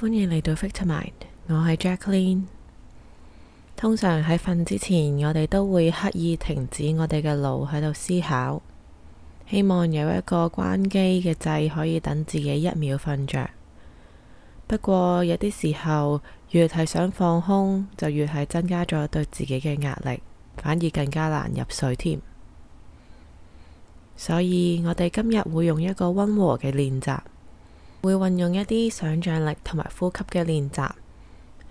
歡迎嚟到 Factor Mind，我係 Jacklyn。通常喺瞓之前，我哋都會刻意停止我哋嘅腦喺度思考，希望有一個關機嘅掣可以等自己一秒瞓着。不過有啲時候，越係想放空，就越係增加咗對自己嘅壓力，反而更加難入睡添。所以我哋今日會用一個溫和嘅練習。會運用一啲想象力同埋呼吸嘅練習，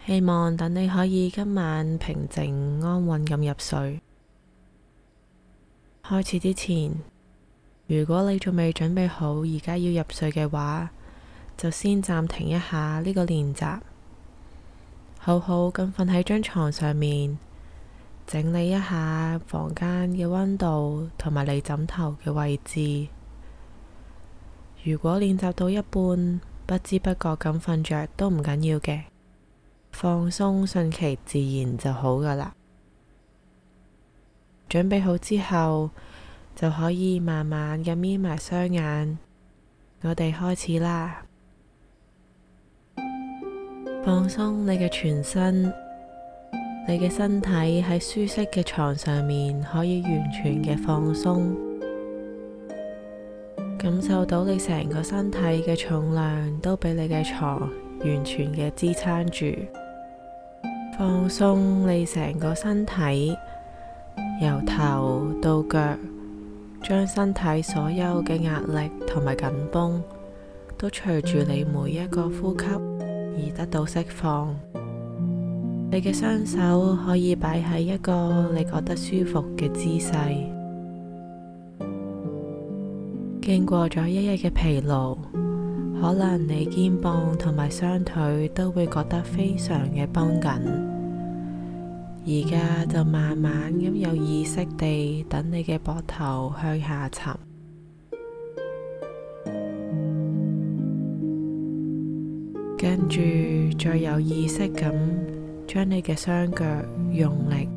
希望等你可以今晚平靜、安穩咁入睡。開始之前，如果你仲未準備好而家要入睡嘅話，就先暫停一下呢個練習，好好咁瞓喺張床上面，整理一下房間嘅溫度同埋你枕頭嘅位置。如果練習到一半，不知不覺咁瞓着都唔緊要嘅，放鬆順其自然就好㗎喇。準備好之後，就可以慢慢咁眯埋雙眼，我哋開始啦。放鬆你嘅全身，你嘅身體喺舒適嘅床上面，可以完全嘅放鬆。感受到你成個身體嘅重量都俾你嘅床完全嘅支撐住，放鬆你成個身體，由頭到腳，將身體所有嘅壓力同埋緊繃都隨住你每一個呼吸而得到釋放。你嘅雙手可以擺喺一個你覺得舒服嘅姿勢。經過咗一日嘅疲勞，可能你肩膀同埋雙腿都會覺得非常嘅繃緊。而家就慢慢咁有意識地等你嘅膊頭向下沉，跟住再有意識咁將你嘅雙腳用力。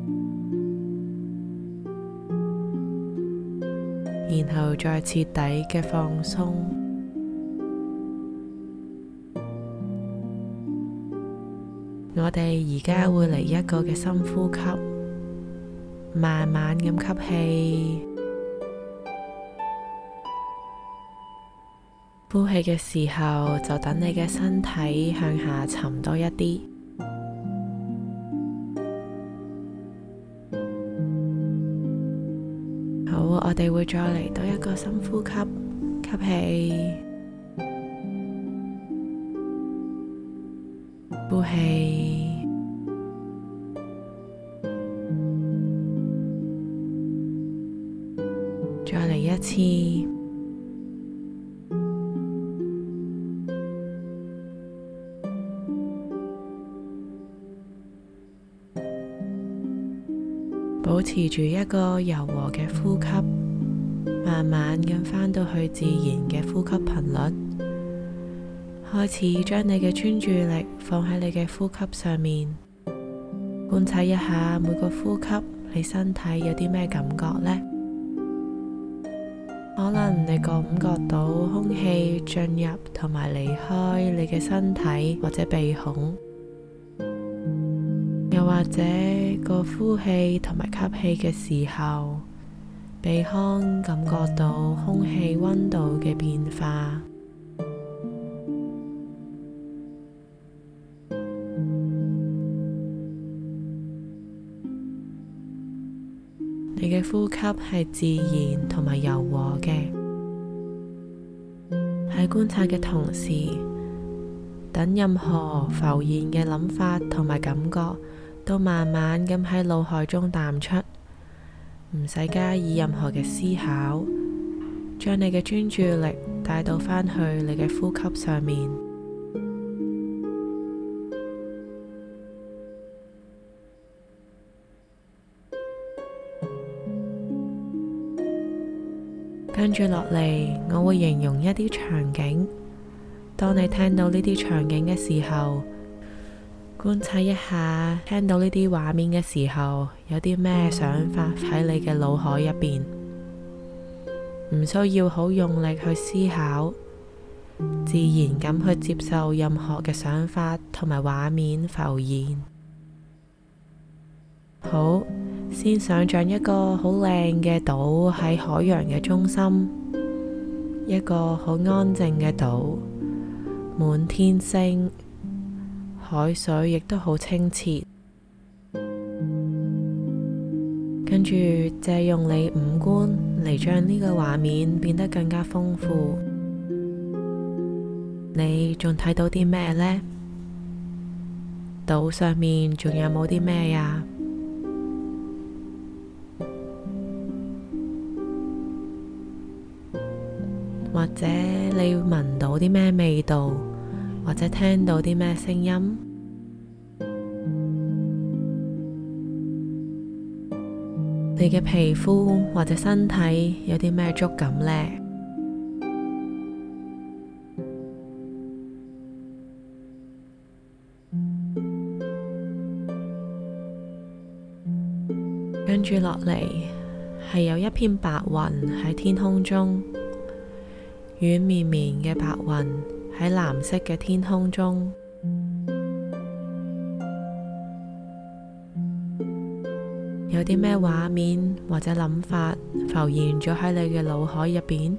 就再徹底嘅放鬆，我哋而家會嚟一個嘅深呼吸，慢慢咁吸氣，呼氣嘅時候，就等你嘅身體向下沉多一啲。我哋會再嚟多一個深呼吸，吸氣，呼氣，再嚟一次，保持住一個柔和嘅呼吸。慢慢咁返到去自然嘅呼吸頻率，開始將你嘅專注力放喺你嘅呼吸上面，觀察一下每個呼吸，你身體有啲咩感覺呢？可能你感覺到空氣進入同埋離開你嘅身體，或者鼻孔，又或者個呼氣同埋吸氣嘅時候，鼻腔感覺到空氣溫度嘅變化，你嘅呼吸係自然同埋柔和嘅，喺觀察嘅同時，等任何浮現嘅諗法同埋感覺，都慢慢咁喺腦海中淡出。唔使加以任何嘅思考，將你嘅專注力帶到返去你嘅呼吸上面。跟住落嚟，我會形容一啲場景。當你聽到呢啲場景嘅時候，觀察一下，聽到呢啲畫面嘅時候，有啲咩想法喺你嘅腦海入邊？唔需要好用力去思考，自然咁去接受任何嘅想法同埋畫面浮現。好，先想象一個好靚嘅島喺海洋嘅中心，一個好安靜嘅島，滿天星。海水亦都好清澈，跟住借用你五官嚟將呢個畫面變得更加豐富。你仲睇到啲咩呢？島上面仲有冇啲咩呀？或者你聞到啲咩味道？或者聽到啲咩聲音？你嘅皮膚或者身體有啲咩觸感呢？跟住落嚟，係有一片白雲喺天空中，軟綿綿嘅白雲。喺藍色嘅天空中，有啲咩畫面或者諗法浮現咗喺你嘅腦海入邊？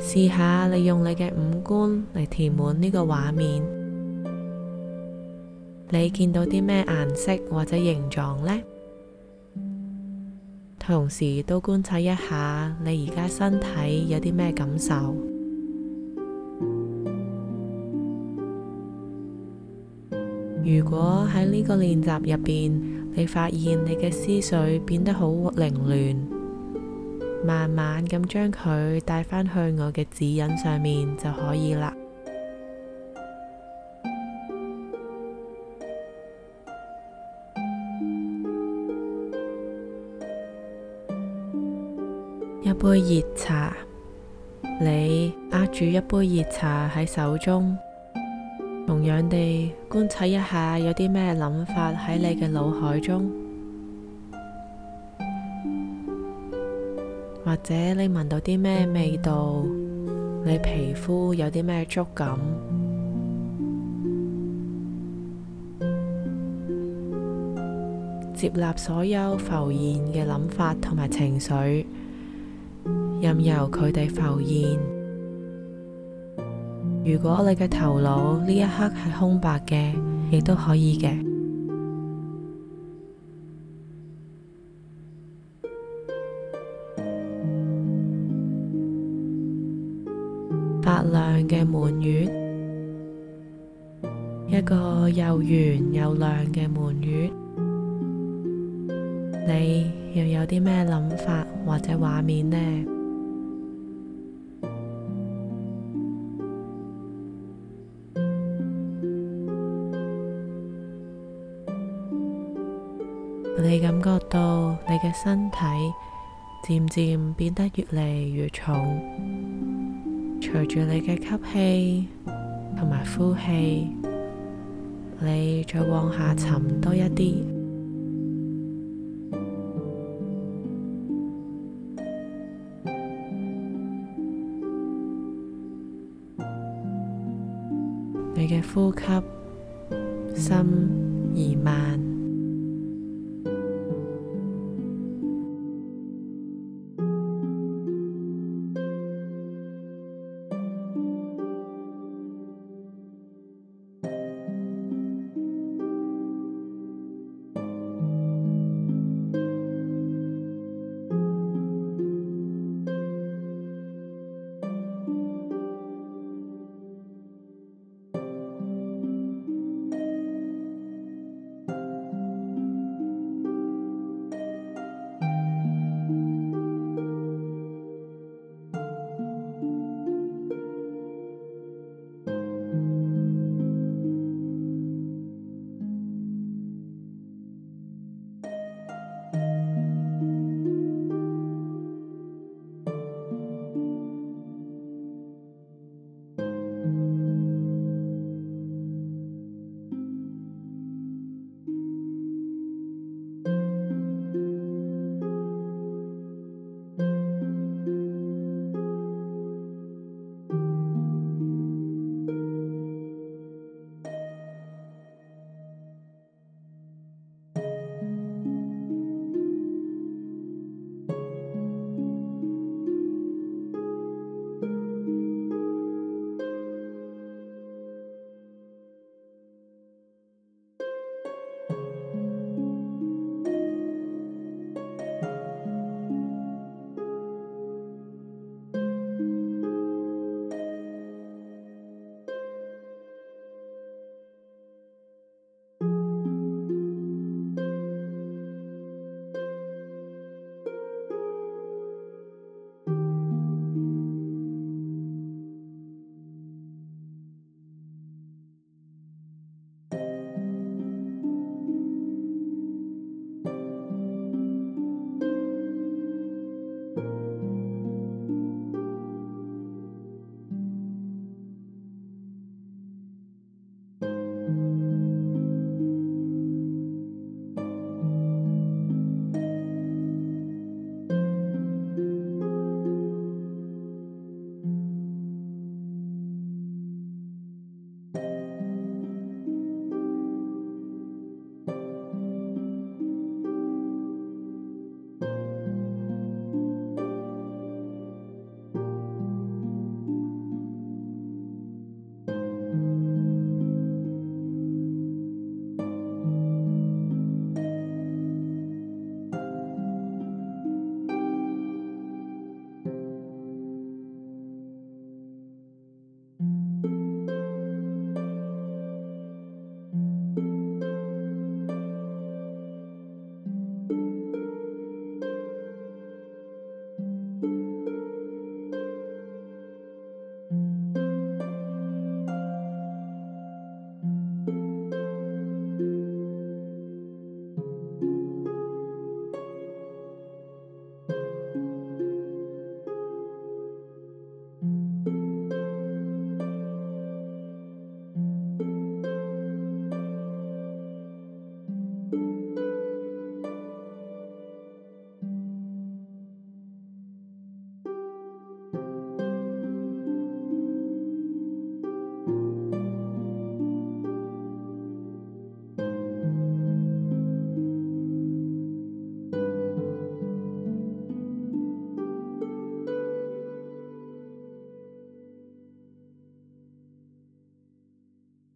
試下你用你嘅五官嚟填滿呢個畫面。你見到啲咩顏色或者形狀呢？同時都觀察一下你而家身體有啲咩感受。如果喺呢個練習入邊，你發現你嘅思緒變得好凌亂，慢慢咁將佢帶返去我嘅指引上面就可以啦。一杯熱茶，你握住一杯熱茶喺手中，同樣地觀察一下有啲咩諗法喺你嘅腦海中，或者你聞到啲咩味道，你皮膚有啲咩觸感，接納所有浮現嘅諗法同埋情緒。任由佢哋浮現。如果你嘅頭腦呢一刻係空白嘅，亦都可以嘅。發亮嘅滿月，一個又圓又亮嘅滿月，你又有啲咩諗法或者畫面呢？你感覺到你嘅身體漸漸變得越嚟越重，隨住你嘅吸氣同埋呼氣，你再往下沉多一啲。你嘅呼吸深而慢。